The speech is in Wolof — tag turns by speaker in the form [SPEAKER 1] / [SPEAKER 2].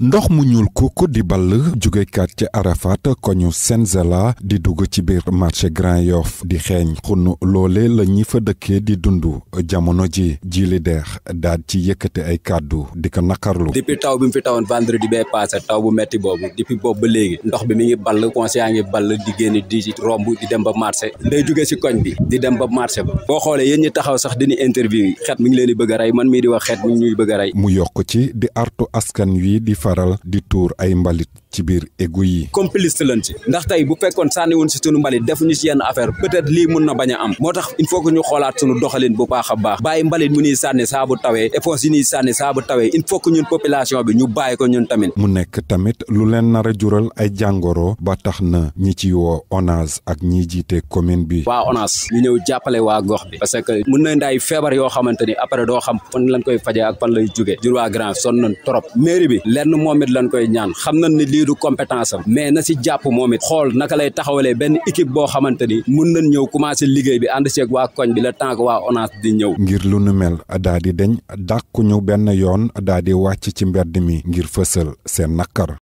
[SPEAKER 1] ndox mu ñuul kukk di ball jugekat ci Arafat koñu Senzala di dugg ci biir marché Grand Yoff di xeeñ xunn loole la ñi fa dëkkee di dund jamono ji jili deex daal ci yëkkate ay kaddu di ko naqarlu
[SPEAKER 2] depuis taw bi mu fi tawoon vendredi bee passé taw bu metti boobu depuis boobu ba léegi ndox bi mi ngi ball conseil yaa ngi ball di génn di romb di dem ba marché day jóge si koñ bi di dem ba marché ba boo xoolee yéen ñi taxaw sax dini interview yi xet mi ngi leen di bëgg a man mi ngi ñuy bëgg rey
[SPEAKER 1] mu yokk ci di artu askan di faral di tuur ay mbalit ci biir égout yi
[SPEAKER 2] complice lañ ci ndax tey bu fekkoon sànni woon si sunu mbalit ñu si yenn affaire peut-être lii mun na bañ a am moo tax il faut ñu xoolaat sunu doxalin bu baax a baax bàyyi mbalit mu ñuy sànni saa tawee efforts yi ñuy sànni saa tawee il faut ñun population bi ñu bàyyi ko ñun
[SPEAKER 1] tamit mu nekk tamit lu leen nar jural ay jàngoro ba tax na ñi ci woo ONAS ak ñiy jiite commune bi waa ONAS
[SPEAKER 2] ñu ñëw jàppale waa gox bi parce que mun nañ daay feebar yoo xamante ni xam fan lañ koy faje ak fan lay jóge jur waa grand son nañ trop mairie bi lenn moom du compétence am mais na si jàpp moom it xool naka lay taxawalee benn équipe boo xamante ni mun nan ñëw commencé liggéey bi ànd seeg waa koñ bi la temps waa ONAS di ñëw
[SPEAKER 1] ngir lu nu mel daa di deñ dàkku benn yoon daa di wàcc ci mbedd mi ngir fësal seen nakkar